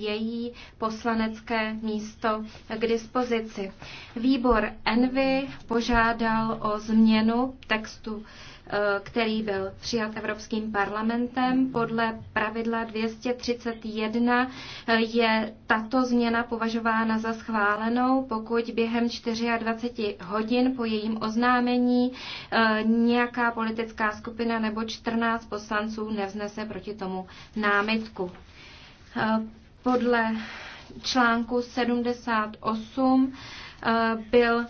její poslanecké místo k dispozici. Výbor Envy požádal o změnu textu, eh, který byl přijat Evropským parlamentem. Podle pravidla 231 eh, je tato změna považována za schválenou, pokud během 24 hodin po jejím oznámení eh, nějaká politická skupina nebo 14 poslanců nevznese proti tomu námitku podle článku 78 eh, byl